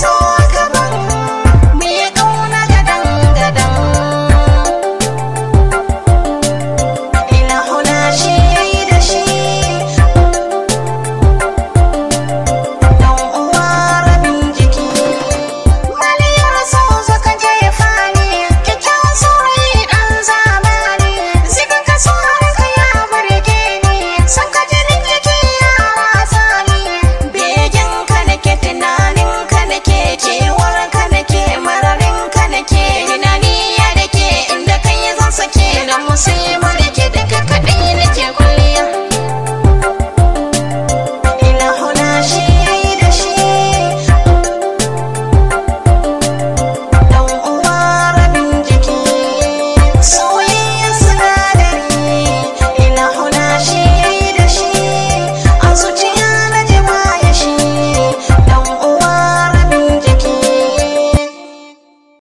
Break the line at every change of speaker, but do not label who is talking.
joy.